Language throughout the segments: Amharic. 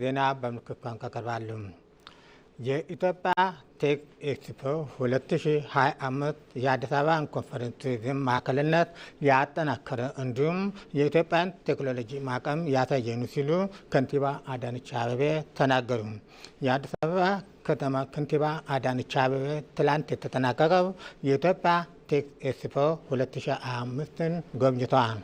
ዜና በምልክት ቋንቋ ቀርባሉ። የኢትዮጵያ ቴክ ኤክስፖ 2025 የአዲስ አበባን ኮንፈረንስ ቱሪዝም ማዕከልነት ያጠናከረ እንዲሁም የኢትዮጵያን ቴክኖሎጂ ማቀም ያሳየኑ ሲሉ ከንቲባ አዳነች አበቤ ተናገሩ። የአዲስ አበባ ከተማ ከንቲባ አዳነች አበቤ ትላንት የተጠናቀቀው የኢትዮጵያ ቴክ ኤክስፖ 2025ን ጎብኝተዋል።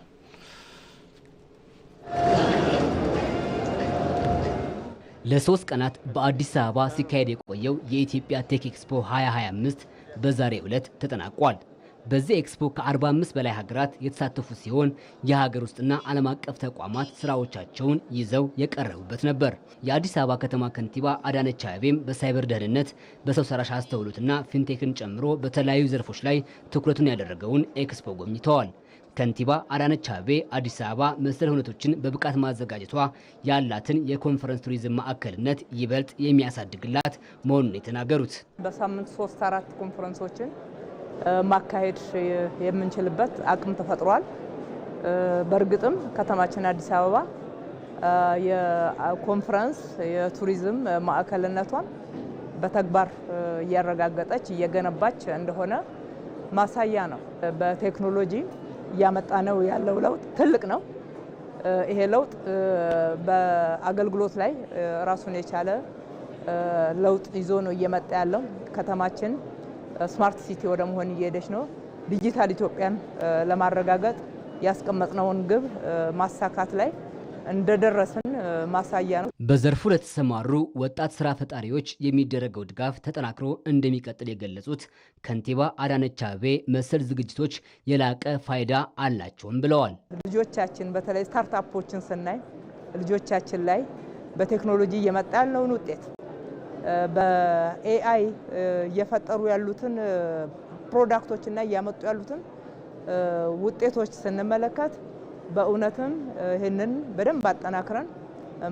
ለሶስት ቀናት በአዲስ አበባ ሲካሄድ የቆየው የኢትዮጵያ ቴክ ኤክስፖ 2025 በዛሬው ዕለት ተጠናቋል። በዚህ ኤክስፖ ከ45 በላይ ሀገራት የተሳተፉ ሲሆን የሀገር ውስጥና ዓለም አቀፍ ተቋማት ስራዎቻቸውን ይዘው የቀረቡበት ነበር። የአዲስ አበባ ከተማ ከንቲባ አዳነች አቤቤም በሳይበር ደህንነት፣ በሰው ሰራሽ አስተውሎትና ፊንቴክን ጨምሮ በተለያዩ ዘርፎች ላይ ትኩረቱን ያደረገውን ኤክስፖ ጎብኝተዋል። ከንቲባ አዳነች አቤ አዲስ አበባ መሰል ሁነቶችን በብቃት ማዘጋጀቷ ያላትን የኮንፈረንስ ቱሪዝም ማዕከልነት ይበልጥ የሚያሳድግላት መሆኑን የተናገሩት በሳምንት ሶስት አራት ኮንፈረንሶችን ማካሄድ የምንችልበት አቅም ተፈጥሯል። በእርግጥም ከተማችን አዲስ አበባ የኮንፈረንስ የቱሪዝም ማዕከልነቷን በተግባር እያረጋገጠች እየገነባች እንደሆነ ማሳያ ነው። በቴክኖሎጂ እያመጣ ነው ያለው ለውጥ ትልቅ ነው። ይሄ ለውጥ በአገልግሎት ላይ ራሱን የቻለ ለውጥ ይዞ ነው እየመጣ ያለው። ከተማችን ስማርት ሲቲ ወደ መሆን እየሄደች ነው። ዲጂታል ኢትዮጵያን ለማረጋገጥ ያስቀመጥነውን ግብ ማሳካት ላይ እንደደረስን ማሳያ ነው። በዘርፉ ለተሰማሩ ወጣት ስራ ፈጣሪዎች የሚደረገው ድጋፍ ተጠናክሮ እንደሚቀጥል የገለጹት ከንቲባ አዳነች አቤ መሰል ዝግጅቶች የላቀ ፋይዳ አላቸውም ብለዋል። ልጆቻችን በተለይ ስታርታፖችን ስናይ ልጆቻችን ላይ በቴክኖሎጂ እየመጣ ያለውን ውጤት በኤአይ እየፈጠሩ ያሉትን ፕሮዳክቶችና እያመጡ ያሉትን ውጤቶች ስንመለከት በእውነትም ይህንን በደንብ አጠናክረን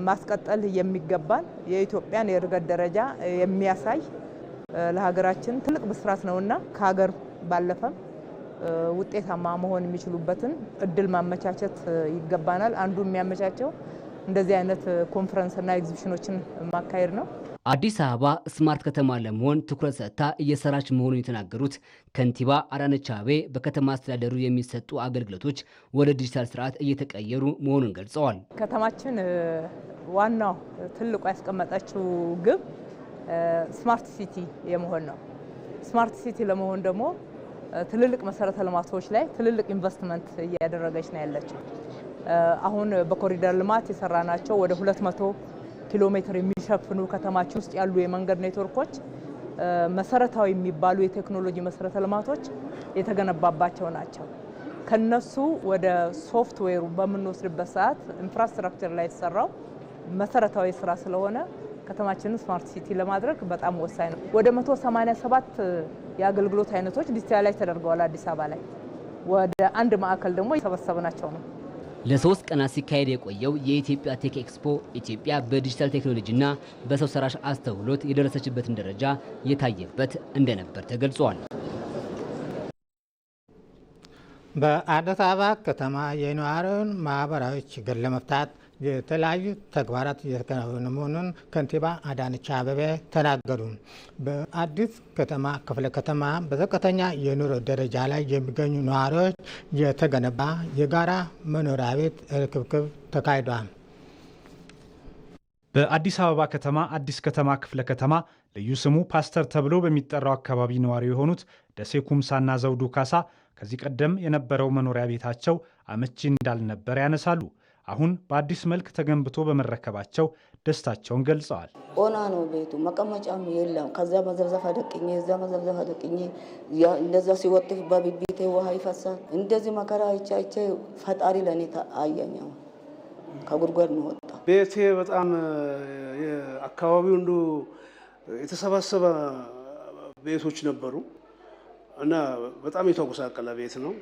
ማስቀጠል የሚገባን የኢትዮጵያን የእድገት ደረጃ የሚያሳይ ለሀገራችን ትልቅ ብስራት ነውና ከሀገር ባለፈም ውጤታማ መሆን የሚችሉበትን እድል ማመቻቸት ይገባናል። አንዱ የሚያመቻቸው እንደዚህ አይነት ኮንፈረንስና ኤግዚቢሽኖችን ማካሄድ ነው። አዲስ አበባ ስማርት ከተማ ለመሆን ትኩረት ሰጥታ እየሰራች መሆኑን የተናገሩት ከንቲባ አዳነች አቤቤ በከተማ አስተዳደሩ የሚሰጡ አገልግሎቶች ወደ ዲጂታል ስርዓት እየተቀየሩ መሆኑን ገልጸዋል። ከተማችን ዋናው ትልቁ ያስቀመጠችው ግብ ስማርት ሲቲ የመሆን ነው። ስማርት ሲቲ ለመሆን ደግሞ ትልልቅ መሰረተ ልማቶች ላይ ትልልቅ ኢንቨስትመንት እያደረገች ነው ያለችው። አሁን በኮሪደር ልማት የሰራ ናቸው ወደ 200 ኪሎ ሜትር የሚ የሚሸፍኑ ከተማችን ውስጥ ያሉ የመንገድ ኔትወርኮች መሰረታዊ የሚባሉ የቴክኖሎጂ መሰረተ ልማቶች የተገነባባቸው ናቸው። ከነሱ ወደ ሶፍትዌሩ በምንወስድበት ሰዓት ኢንፍራስትራክቸር ላይ የተሰራው መሰረታዊ ስራ ስለሆነ ከተማችንን ስማርት ሲቲ ለማድረግ በጣም ወሳኝ ነው። ወደ 187 የአገልግሎት አይነቶች ዲጂታል ላይ ተደርገዋል አዲስ አበባ ላይ ወደ አንድ ማዕከል ደግሞ የሰበሰብናቸው ነው። ለሶስት ቀናት ሲካሄድ የቆየው የኢትዮጵያ ቴክ ኤክስፖ ኢትዮጵያ በዲጂታል ቴክኖሎጂና በሰው ሰራሽ አስተውሎት የደረሰችበትን ደረጃ የታየበት እንደነበር ተገልጿል። በአዲስ አበባ ከተማ የነዋሪውን ማህበራዊ ችግር ለመፍታት የተለያዩ ተግባራት እየተከናወኑ መሆኑን ከንቲባ አዳነች አበቤ ተናገሩ። በአዲስ ከተማ ክፍለ ከተማ በዝቅተኛ የኑሮ ደረጃ ላይ የሚገኙ ነዋሪዎች የተገነባ የጋራ መኖሪያ ቤት ርክብክብ ተካሂዷል። በአዲስ አበባ ከተማ አዲስ ከተማ ክፍለ ከተማ ልዩ ስሙ ፓስተር ተብሎ በሚጠራው አካባቢ ነዋሪ የሆኑት ደሴ ኩምሳና ዘውዱ ካሳ ከዚህ ቀደም የነበረው መኖሪያ ቤታቸው አመቺ እንዳልነበር ያነሳሉ። አሁን በአዲስ መልክ ተገንብቶ በመረከባቸው ደስታቸውን ገልጸዋል። ኦና ነው ቤቱ፣ መቀመጫም የለም። ከዚያ መዘብዘፍ አደቅኝ፣ እዚያ መዘብዘፍ አደቅኝ። እንደዚያ ሲወጥፍ በቢቢቴ ውሃ ይፈሳል። እንደዚህ መከራ አይቼ አይቼ ፈጣሪ ለእኔ አየኝ። ከጉድጓድ ነው ወጣ ቤቴ። በጣም አካባቢው እንዱ የተሰባሰበ ቤቶች ነበሩ እና በጣም የተጎሳቀለ ቤት ነው።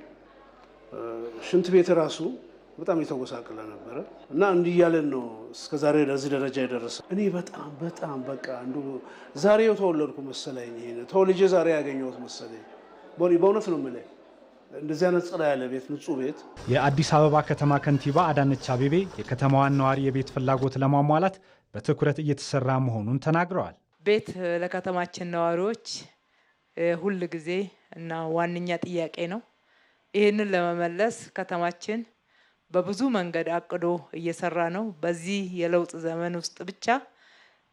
ሽንት ቤት ራሱ በጣም የተወሳቀለ ነበረ እና እንዲህ እያለን ነው እስከዛሬ ለዚህ ደረጃ የደረሰ። እኔ በጣም በጣም በቃ እንዱ ዛሬው ተወለድኩ መሰለኝ፣ ይሄን ተወልጄ ዛሬ ያገኘሁት መሰለኝ። በእውነት ነው የምልህ እንደዚህ አይነት ጽዳ ያለ ቤት ንጹህ ቤት። የአዲስ አበባ ከተማ ከንቲባ አዳነች አቤቤ የከተማዋን ነዋሪ የቤት ፍላጎት ለማሟላት በትኩረት እየተሰራ መሆኑን ተናግረዋል። ቤት ለከተማችን ነዋሪዎች ሁል ጊዜ እና ዋነኛ ጥያቄ ነው። ይህንን ለመመለስ ከተማችን በብዙ መንገድ አቅዶ እየሰራ ነው። በዚህ የለውጥ ዘመን ውስጥ ብቻ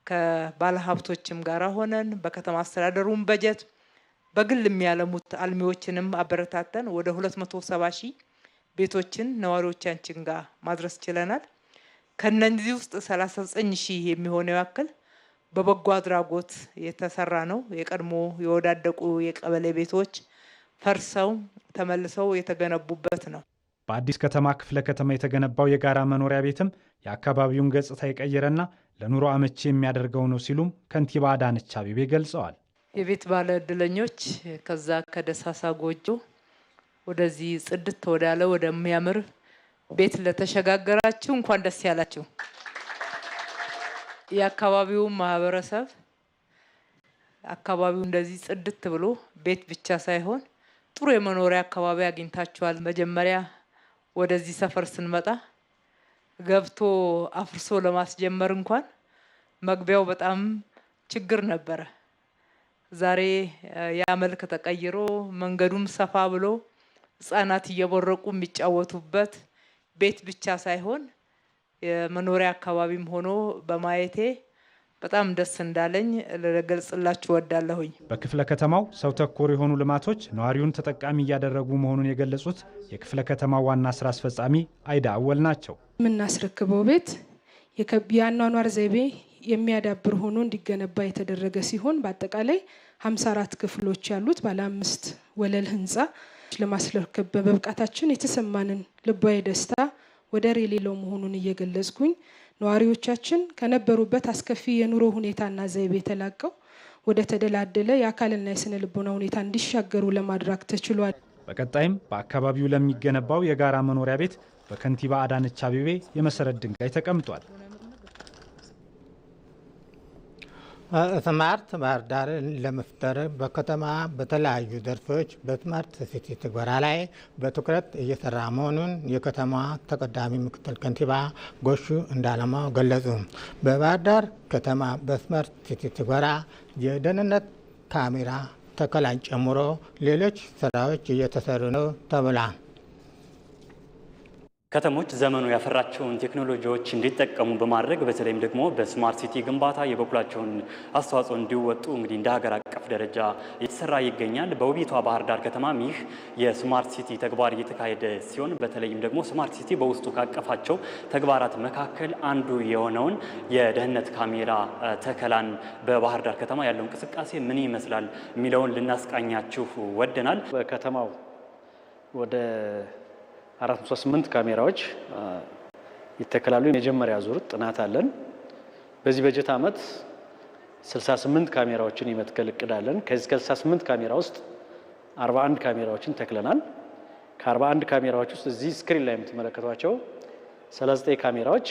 ከባለሀብቶችም ጋር ሆነን በከተማ አስተዳደሩም በጀት በግል የሚያለሙት አልሚዎችንም አበረታተን ወደ ሁለት ሺህ ቤቶችን ነዋሪዎቻችን ጋር ማድረስ ችለናል። ከነዚህ ውስጥ 39 ዘጠኝ ሺህ የሚሆነው ያክል በበጎ አድራጎት የተሰራ ነው። የቀድሞ የወዳደቁ የቀበሌ ቤቶች ፈርሰው ተመልሰው የተገነቡበት ነው። በአዲስ ከተማ ክፍለ ከተማ የተገነባው የጋራ መኖሪያ ቤትም የአካባቢውን ገጽታ የቀየረና ለኑሮ አመቺ የሚያደርገው ነው ሲሉም ከንቲባ አዳነች አቤቤ ገልጸዋል። የቤት ባለ እድለኞች ከዛ ከደሳሳ ጎጆ ወደዚህ ጽድት ወዳለ ወደሚያምር ቤት ለተሸጋገራችሁ እንኳን ደስ ያላችሁ። የአካባቢው ማህበረሰብ አካባቢው እንደዚህ ጽድት ብሎ ቤት ብቻ ሳይሆን ጥሩ የመኖሪያ አካባቢ አግኝታችኋል። መጀመሪያ ወደዚህ ሰፈር ስንመጣ ገብቶ አፍርሶ ለማስጀመር እንኳን መግቢያው በጣም ችግር ነበረ። ዛሬ ያ መልክ ተቀይሮ መንገዱም ሰፋ ብሎ ህጻናት እየቦረቁ የሚጫወቱበት ቤት ብቻ ሳይሆን የመኖሪያ አካባቢም ሆኖ በማየቴ በጣም ደስ እንዳለኝ ልገልጽላችሁ ወዳለሁኝ። በክፍለ ከተማው ሰው ተኮር የሆኑ ልማቶች ነዋሪውን ተጠቃሚ እያደረጉ መሆኑን የገለጹት የክፍለ ከተማ ዋና ስራ አስፈጻሚ አይዳ አወል ናቸው። የምናስረክበው ቤት የአኗኗር ዘይቤ የሚያዳብር ሆኖ እንዲገነባ የተደረገ ሲሆን በአጠቃላይ 54 ክፍሎች ያሉት ባለ አምስት ወለል ህንፃ ለማስረከብ በመብቃታችን የተሰማንን ልባዊ ደስታ ወደር የሌለው መሆኑን እየገለጽኩኝ ነዋሪዎቻችን ከነበሩበት አስከፊ የኑሮ ሁኔታና ዘይቤ ተላቀው ወደ ተደላደለ የአካልና የስነ ልቦና ሁኔታ እንዲሻገሩ ለማድረግ ተችሏል። በቀጣይም በአካባቢው ለሚገነባው የጋራ መኖሪያ ቤት በከንቲባ አዳነች አቤቤ የመሰረት ድንጋይ ተቀምጧል። ስማርት ባህር ዳርን ለመፍጠር በከተማ በተለያዩ ዘርፎች በስማርት ሲቲ ትግበራ ላይ በትኩረት እየሰራ መሆኑን የከተማ ተቀዳሚ ምክትል ከንቲባ ጎሹ እንዳለማው ገለጹ። በባህር ዳር ከተማ በስማርት ሲቲ ትግበራ የደህንነት ካሜራ ተከላን ጨምሮ ሌሎች ስራዎች እየተሰሩ ነው ተብሏል። ከተሞች ዘመኑ ያፈራቸውን ቴክኖሎጂዎች እንዲጠቀሙ በማድረግ በተለይም ደግሞ በስማርት ሲቲ ግንባታ የበኩላቸውን አስተዋጽኦ እንዲወጡ እንግዲህ እንደ ሀገር አቀፍ ደረጃ እየተሰራ ይገኛል። በውቢቷ ባህር ዳር ከተማም ይህ የስማርት ሲቲ ተግባር እየተካሄደ ሲሆን በተለይም ደግሞ ስማርት ሲቲ በውስጡ ካቀፋቸው ተግባራት መካከል አንዱ የሆነውን የደህንነት ካሜራ ተከላን በባህር ዳር ከተማ ያለው እንቅስቃሴ ምን ይመስላል የሚለውን ልናስቃኛችሁ ወደናል። በከተማው ወደ 438 ካሜራዎች ይተከላሉ። የመጀመሪያ ዙር ጥናት አለን። በዚህ በጀት ዓመት 68 ካሜራዎችን ይመትከል እቅድ አለን። ከዚህ ከ68 ካሜራ ውስጥ 41 ካሜራዎችን ተክለናል። ከ41 ካሜራዎች ውስጥ እዚህ ስክሪን ላይ የምትመለከቷቸው 39 ካሜራዎች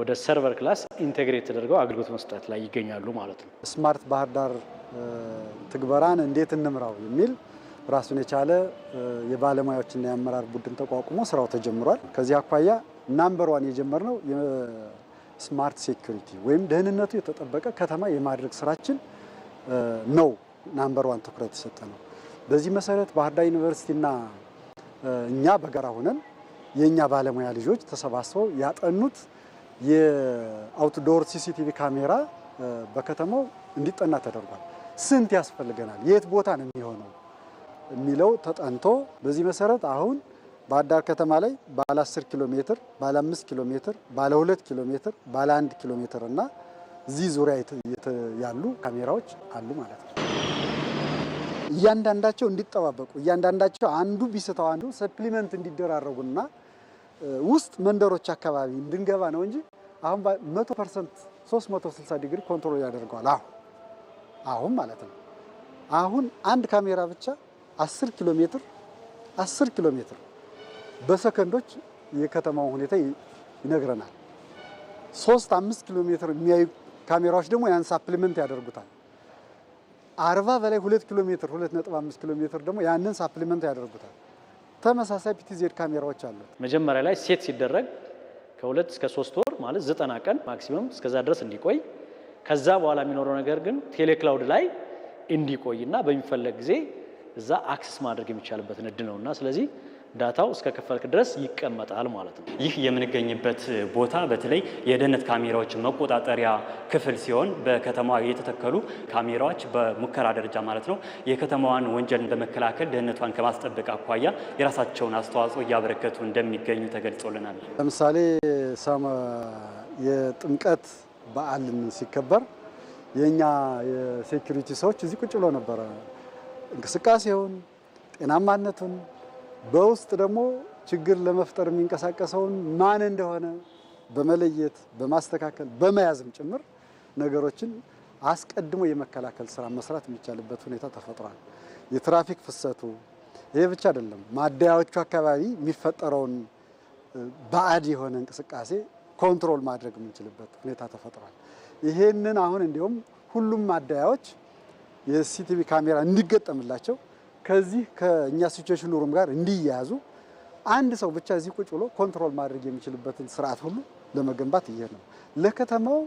ወደ ሰርቨር ክላስ ኢንቴግሬት ተደርገው አገልግሎት መስጠት ላይ ይገኛሉ ማለት ነው። ስማርት ባህር ዳር ትግበራን እንዴት እንምራው የሚል ራሱን የቻለ የባለሙያዎችና የአመራር ቡድን ተቋቁሞ ስራው ተጀምሯል። ከዚህ አኳያ ናምበር ዋን የጀመርነው የስማርት ሴኩሪቲ ወይም ደህንነቱ የተጠበቀ ከተማ የማድረግ ስራችን ነው። ናምበር ዋን ትኩረት የሰጠ ነው። በዚህ መሰረት ባህር ዳር ዩኒቨርሲቲና እኛ በጋራ ሆነን የእኛ ባለሙያ ልጆች ተሰባስበው ያጠኑት የአውትዶር ሲሲቲቪ ካሜራ በከተማው እንዲጠና ተደርጓል። ስንት ያስፈልገናል? የት ቦታ ነው የሚሆነው የሚለው ተጠንቶ በዚህ መሰረት አሁን ባህርዳር ከተማ ላይ ባለ 10 ኪሎ ሜትር፣ ባለ 5 ኪሎ ሜትር፣ ባለ 2 ኪሎ ሜትር፣ ባለ 1 ኪሎ ሜትር እና እዚህ ዙሪያ ያሉ ካሜራዎች አሉ ማለት ነው። እያንዳንዳቸው እንዲጠባበቁ እያንዳንዳቸው አንዱ ቢስተው አንዱ ሰፕሊመንት እንዲደራረጉና ውስጥ መንደሮች አካባቢ እንድንገባ ነው እንጂ አሁን 100 ፐርሰንት 360 ዲግሪ ኮንትሮል ያደርገዋል። አሁን አሁን ማለት ነው አሁን አንድ ካሜራ ብቻ 10 ኪሎ ሜትር 10 ኪሎ ሜትር በሰከንዶች የከተማውን ሁኔታ ይነግረናል። ሶስት አምስት ኪሎ ሜትር የሚያዩ ካሜራዎች ደግሞ ያን ሳፕሊመንት ያደርጉታል። 40 በላይ 2 ኪሎ ሜትር 2.5 ኪሎ ሜትር ደግሞ ያንን ሳፕሊመንት ያደርጉታል። ተመሳሳይ ፒቲዜድ ካሜራዎች አሉ። መጀመሪያ ላይ ሴት ሲደረግ ከሁለት እስከ ሶስት ወር ማለት ዘጠና ቀን ማክሲመም እስከዛ ድረስ እንዲቆይ ከዛ በኋላ የሚኖረው ነገር ግን ቴሌክላውድ ላይ እንዲቆይና በሚፈለግ ጊዜ እዛ አክሰስ ማድረግ የሚቻልበትን ንድ ነው እና ስለዚህ ዳታው እስከ ከፈልክ ድረስ ይቀመጣል ማለት ነው። ይህ የምንገኝበት ቦታ በተለይ የደህንነት ካሜራዎች መቆጣጠሪያ ክፍል ሲሆን በከተማዋ የተተከሉ ካሜራዎች በሙከራ ደረጃ ማለት ነው የከተማዋን ወንጀልን በመከላከል ደህንነቷን ከማስጠበቅ አኳያ የራሳቸውን አስተዋጽኦ እያበረከቱ እንደሚገኙ ተገልጾልናል። ለምሳሌ የጥምቀት በዓልን ሲከበር የእኛ የሴኩሪቲ ሰዎች እዚህ ቁጭ ብሎ ነበረ እንቅስቃሴውን፣ ጤናማነቱን በውስጥ ደግሞ ችግር ለመፍጠር የሚንቀሳቀሰውን ማን እንደሆነ በመለየት በማስተካከል በመያዝም ጭምር ነገሮችን አስቀድሞ የመከላከል ስራ መስራት የሚቻልበት ሁኔታ ተፈጥሯል። የትራፊክ ፍሰቱ ይሄ ብቻ አይደለም። ማደያዎቹ አካባቢ የሚፈጠረውን ባዕድ የሆነ እንቅስቃሴ ኮንትሮል ማድረግ የምንችልበት ሁኔታ ተፈጥሯል። ይሄንን አሁን እንዲሁም ሁሉም ማደያዎች የሲቲቪ ካሜራ እንዲገጠምላቸው ከዚህ ከእኛ ሲቹዌሽን ሩም ጋር እንዲያያዙ አንድ ሰው ብቻ እዚህ ቁጭ ብሎ ኮንትሮል ማድረግ የሚችልበትን ስርዓት ሁሉ ለመገንባት እየሄድ ነው። ለከተማው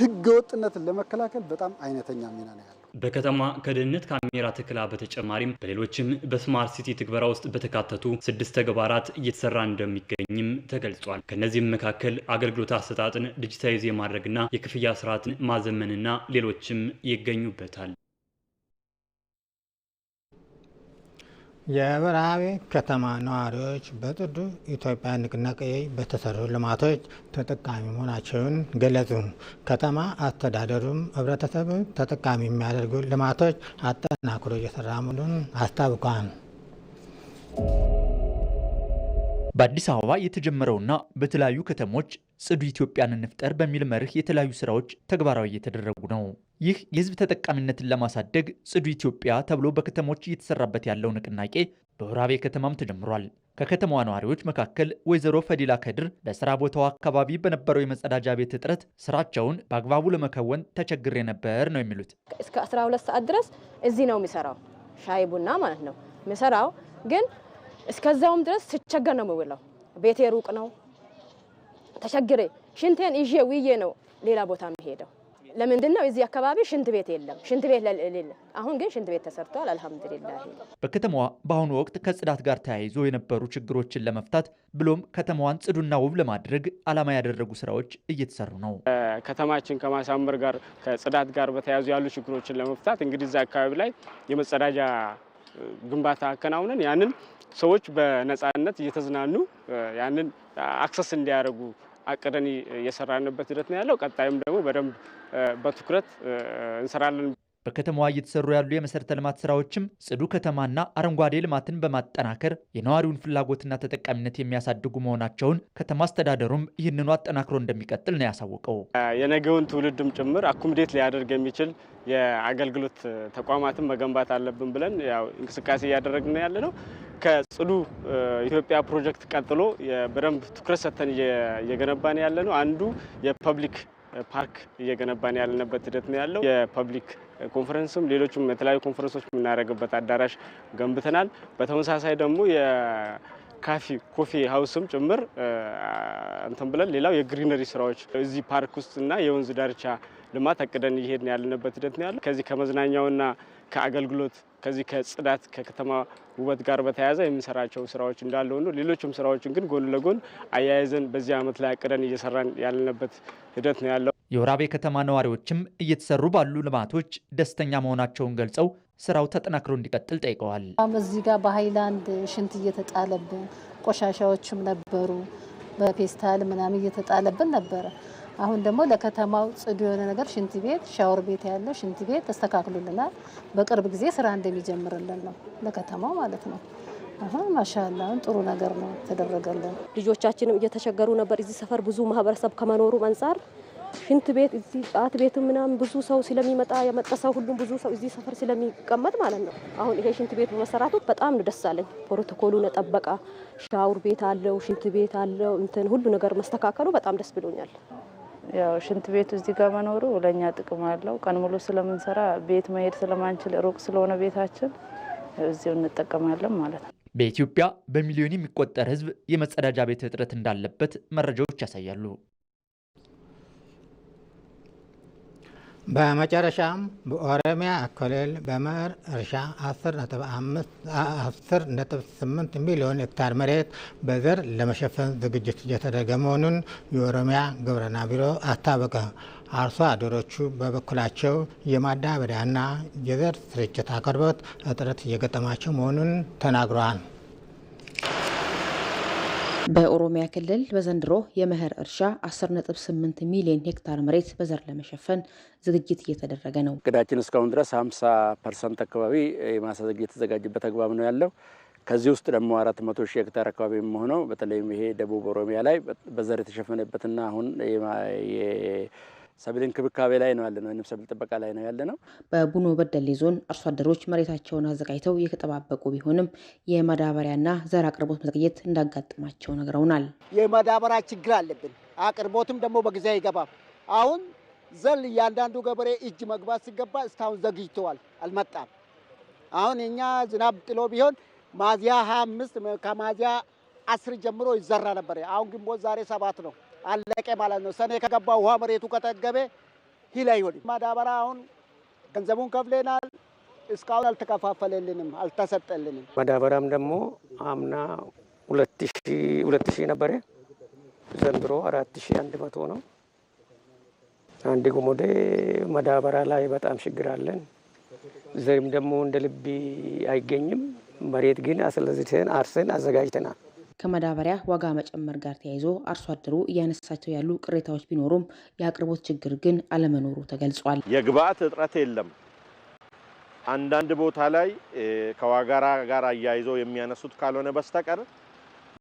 ህገ ወጥነትን ለመከላከል በጣም አይነተኛ ሚና ነው ያለው። በከተማ ከደህንነት ካሜራ ትክላ በተጨማሪም በሌሎችም በስማርት ሲቲ ትግበራ ውስጥ በተካተቱ ስድስት ተግባራት እየተሰራ እንደሚገኝም ተገልጿል። ከእነዚህም መካከል አገልግሎት አሰጣጥን ዲጂታይዝ የማድረግና የክፍያ ስርዓትን ማዘመንና ሌሎችም ይገኙበታል። የበርሃቤ ከተማ ነዋሪዎች በጥዱ ኢትዮጵያ ንቅናቄ በተሰሩ ልማቶች ተጠቃሚ መሆናቸውን ገለጹ። ከተማ አስተዳደሩም ህብረተሰብ ተጠቃሚ የሚያደርጉ ልማቶች አጠናክሮ እየሰራ መሆኑን አስታውቋል። በአዲስ አበባ የተጀመረውና በተለያዩ ከተሞች ጽዱ ኢትዮጵያን እንፍጠር በሚል መርህ የተለያዩ ስራዎች ተግባራዊ እየተደረጉ ነው። ይህ የህዝብ ተጠቃሚነትን ለማሳደግ ጽዱ ኢትዮጵያ ተብሎ በከተሞች እየተሰራበት ያለው ንቅናቄ በወራቤ ከተማም ተጀምሯል። ከከተማዋ ነዋሪዎች መካከል ወይዘሮ ፈዲላ ከድር በስራ ቦታው አካባቢ በነበረው የመጸዳጃ ቤት እጥረት ስራቸውን በአግባቡ ለመከወን ተቸግሬ ነበር ነው የሚሉት። እስከ 12 ሰዓት ድረስ እዚህ ነው የሚሰራው፣ ሻይ ቡና ማለት ነው የሚሰራው። ግን እስከዛውም ድረስ ስቸገር ነው የምውለው። ቤቴ ሩቅ ነው፣ ተቸግሬ ሽንቴን ይዤ ውዬ ነው ሌላ ቦታ የሚሄደው። ለምንድን ነው የዚህ አካባቢ ሽንት ቤት የለም? ሽንት ቤት ለሌለ አሁን ግን ሽንት ቤት ተሰርቷል አልሐምዱሊላህ። በከተማዋ በአሁኑ ወቅት ከጽዳት ጋር ተያይዞ የነበሩ ችግሮችን ለመፍታት ብሎም ከተማዋን ጽዱና ውብ ለማድረግ ዓላማ ያደረጉ ስራዎች እየተሰሩ ነው። ከተማችን ከማሳመር ጋር ከጽዳት ጋር በተያያዙ ያሉ ችግሮችን ለመፍታት እንግዲህ እዚህ አካባቢ ላይ የመጸዳጃ ግንባታ አከናውነን ያንን ሰዎች በነፃነት እየተዝናኑ ያንን አክሰስ እንዲያደርጉ አቅደን የሰራንበት ሂደት ነው ያለው። ቀጣይም ደግሞ በደንብ በትኩረት እንሰራለን። በከተማዋ እየተሰሩ ያሉ የመሰረተ ልማት ስራዎችም ጽዱ ከተማና አረንጓዴ ልማትን በማጠናከር የነዋሪውን ፍላጎትና ተጠቃሚነት የሚያሳድጉ መሆናቸውን ከተማ አስተዳደሩም ይህንኑ አጠናክሮ እንደሚቀጥል ነው ያሳወቀው። የነገውን ትውልድም ጭምር አኩምዴት ሊያደርግ የሚችል የአገልግሎት ተቋማትን መገንባት አለብን ብለን ያው እንቅስቃሴ እያደረግን ያለ ነው። ከጽዱ ኢትዮጵያ ፕሮጀክት ቀጥሎ በደንብ ትኩረት ሰጥተን እየገነባን ያለ ነው። አንዱ የፐብሊክ ፓርክ እየገነባን ያለንበት ሂደት ነው ያለው። የፐብሊክ ኮንፈረንስም ሌሎችም የተለያዩ ኮንፈረንሶች የምናደርግበት አዳራሽ ገንብተናል። በተመሳሳይ ደግሞ ካፊ ኮፊ ሀውስም ጭምር እንትን ብለን ሌላው የግሪነሪ ስራዎች እዚህ ፓርክ ውስጥና የወንዝ ዳርቻ ልማት አቅደን እየሄድን ያለንበት ሂደት ነው ያለ ከዚህ ከመዝናኛውና ከአገልግሎት ከዚህ ከጽዳት ከከተማ ውበት ጋር በተያያዘ የምንሰራቸው ስራዎች እንዳለ ሆኖ ሌሎችም ስራዎችን ግን ጎን ለጎን አያይዘን በዚህ ዓመት ላይ አቅደን እየሰራን ያለንበት ሂደት ነው ያለው። የወራቤ ከተማ ነዋሪዎችም እየተሰሩ ባሉ ልማቶች ደስተኛ መሆናቸውን ገልጸው ስራው ተጠናክሮ እንዲቀጥል ጠይቀዋል። እዚህ ጋር በሃይላንድ ሽንት እየተጣለብን ቆሻሻዎችም ነበሩ፣ በፔስታል ምናምን እየተጣለብን ነበረ አሁን ደግሞ ለከተማው ጽዱ የሆነ ነገር ሽንት ቤት፣ ሻወር ቤት ያለው ሽንት ቤት ተስተካክሎልናል። በቅርብ ጊዜ ስራ እንደሚጀምርልን ነው ለከተማው ማለት ነው። አሁን ማሻላ ጥሩ ነገር ነው ተደረገልን። ልጆቻችንም እየተቸገሩ ነበር። እዚህ ሰፈር ብዙ ማህበረሰብ ከመኖሩ አንጻር ሽንት ቤት እዚህ ጫት ቤት ምናምን ብዙ ሰው ስለሚመጣ የመጣ ሰው ሁሉም ብዙ ሰው እዚህ ሰፈር ስለሚቀመጥ ማለት ነው። አሁን ይሄ ሽንት ቤት በመሰራቱ በጣም ነው ደስ አለኝ። ፕሮቶኮሉን ጠበቃ ሻውር ቤት አለው፣ ሽንት ቤት አለው፣ እንትን ሁሉ ነገር መስተካከሉ በጣም ደስ ብሎኛል። ያው ሽንት ቤቱ እዚህ ጋር መኖሩ ለእኛ ጥቅም አለው። ቀን ሙሉ ስለምንሰራ ቤት መሄድ ስለማንችል ሩቅ ስለሆነ ቤታችን እዚሁ እንጠቀማለን ማለት ነው። በኢትዮጵያ በሚሊዮን የሚቆጠር ሕዝብ የመጸዳጃ ቤት እጥረት እንዳለበት መረጃዎች ያሳያሉ። በመጨረሻም በኦሮሚያ ክልል በመኸር እርሻ 10.8 ሚሊዮን ሄክታር መሬት በዘር ለመሸፈን ዝግጅት እየተደረገ መሆኑን የኦሮሚያ ግብርና ቢሮ አስታወቀ። አርሶ አደሮቹ በበኩላቸው የማዳበሪያና የዘር ስርጭት አቅርቦት እጥረት እየገጠማቸው መሆኑን ተናግረዋል። በኦሮሚያ ክልል በዘንድሮ የመኸር እርሻ 10.8 ሚሊዮን ሄክታር መሬት በዘር ለመሸፈን ዝግጅት እየተደረገ ነው። እቅዳችን እስካሁን ድረስ 50 ፐርሰንት አካባቢ የማሳ ዝግጅት የተዘጋጀበት አግባብ ነው ያለው። ከዚህ ውስጥ ደግሞ 400 ሺህ ሄክታር አካባቢ የሚሆነው በተለይም ይሄ ደቡብ ኦሮሚያ ላይ በዘር የተሸፈነበትና አሁን ሰብል እንክብካቤ ላይ ነው ያለነው ወይም ሰብል ጥበቃ ላይ ነው ያለነው። በቡኖ በደሌ ዞን አርሶ አደሮች መሬታቸውን አዘጋጅተው የተጠባበቁ ቢሆንም የማዳበሪያና ዘር አቅርቦት መዘግየት እንዳጋጥማቸው ነግረውናል። የማዳበሪያ ችግር አለብን፣ አቅርቦትም ደግሞ በጊዜ አይገባም። አሁን ዘል እያንዳንዱ ገበሬ እጅ መግባት ሲገባ እስካሁን ዘግይተዋል፣ አልመጣም። አሁን እኛ ዝናብ ጥሎ ቢሆን ሚያዝያ 25 ከማዚያ አስር ጀምሮ ይዘራ ነበር። አሁን ግንቦት ዛሬ ሰባት ነው። አለቀ ማለት ነው። ሰኔ ከገባ ውሃ መሬቱ ከጠገበ ሂላ አይሆንም። ማዳበራ አሁን ገንዘቡን ከፍለናል፣ እስካሁን አልተከፋፈለልንም፣ አልተሰጠልንም። ማዳበራም ደግሞ አምና ሁለት ሺህ ነበረ፣ ዘንድሮ አራት ሺህ አንድ መቶ ነው። አንድ ጉሞዴ ማዳበራ ላይ በጣም ችግር አለን። ዘይም ደግሞ እንደ ልብ አይገኝም። መሬት ግን አስለዝተን አርሰን አዘጋጅተናል። ከማዳበሪያ ዋጋ መጨመር ጋር ተያይዞ አርሶ አደሩ እያነሳቸው ያሉ ቅሬታዎች ቢኖሩም የአቅርቦት ችግር ግን አለመኖሩ ተገልጿል። የግብአት እጥረት የለም። አንዳንድ ቦታ ላይ ከዋጋ ጋር አያይዞ የሚያነሱት ካልሆነ በስተቀር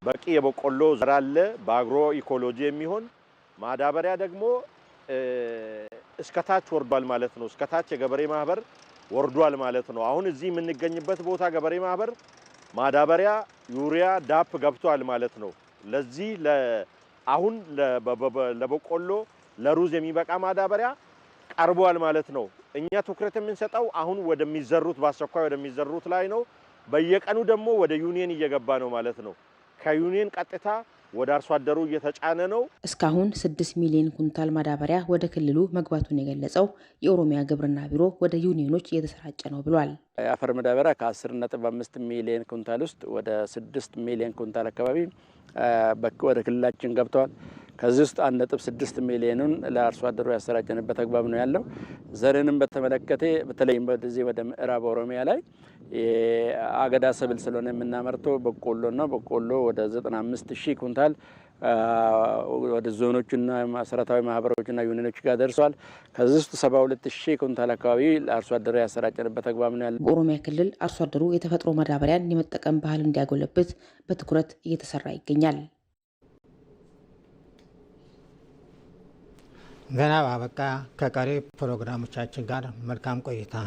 በቂ የበቆሎ ዘር አለ። በአግሮ ኢኮሎጂ የሚሆን ማዳበሪያ ደግሞ እስከታች ወርዷል ማለት ነው። እስከታች የገበሬ ማህበር ወርዷል ማለት ነው። አሁን እዚህ የምንገኝበት ቦታ ገበሬ ማህበር ማዳበሪያ፣ ዩሪያ፣ ዳፕ ገብቷል ማለት ነው። ለዚህ አሁን ለበቆሎ ለሩዝ የሚበቃ ማዳበሪያ ቀርቧል ማለት ነው። እኛ ትኩረት የምንሰጠው አሁን ወደሚዘሩት በአስቸኳይ ወደሚዘሩት ላይ ነው። በየቀኑ ደግሞ ወደ ዩኒየን እየገባ ነው ማለት ነው። ከዩኒየን ቀጥታ ወደ አርሶ አደሩ እየተጫነ ነው። እስካሁን ስድስት ሚሊዮን ኩንታል ማዳበሪያ ወደ ክልሉ መግባቱን የገለጸው የኦሮሚያ ግብርና ቢሮ ወደ ዩኒዮኖች እየተሰራጨ ነው ብሏል። የአፈር ማዳበሪያ ከ10 ነጥብ 5 ሚሊዮን ኩንታል ውስጥ ወደ 6 ሚሊዮን ኩንታል አካባቢ ወደ ክልላችን ገብተዋል። ከዚህ ውስጥ አንድ ነጥብ ስድስት ሚሊዮኑን ለአርሶ አደሩ ያሰራጨንበት አግባብ ነው ያለው። ዘርንም በተመለከተ በተለይም በዚህ ወደ ምዕራብ ኦሮሚያ ላይ አገዳ ሰብል ስለሆነ የምናመርተው በቆሎና በቆሎ ወደ አምስት ሺህ ኩንታል ወደ ዞኖችና መሰረታዊ ማህበሮችና ዩኒኖች ጋር ደርሰዋል። ከዚህ ውስጥ ሰባ ሁለት ሺህ ኩንታል አካባቢ ለአርሶ አደሩ ያሰራጨንበት አግባብ ነው ያለ። በኦሮሚያ ክልል አርሶ አደሩ የተፈጥሮ ማዳበሪያን የመጠቀም ባህል እንዲያጎለብት በትኩረት እየተሰራ ይገኛል። ገና ባበቃ ከቀሪ ፕሮግራሞቻችን ጋር መልካም ቆይታ